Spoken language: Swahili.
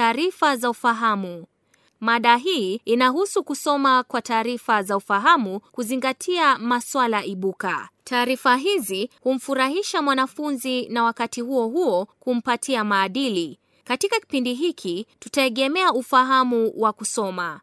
Taarifa za ufahamu. Mada hii inahusu kusoma kwa taarifa za ufahamu kuzingatia maswala ibuka. Taarifa hizi humfurahisha mwanafunzi na wakati huo huo kumpatia maadili. Katika kipindi hiki tutaegemea ufahamu wa kusoma.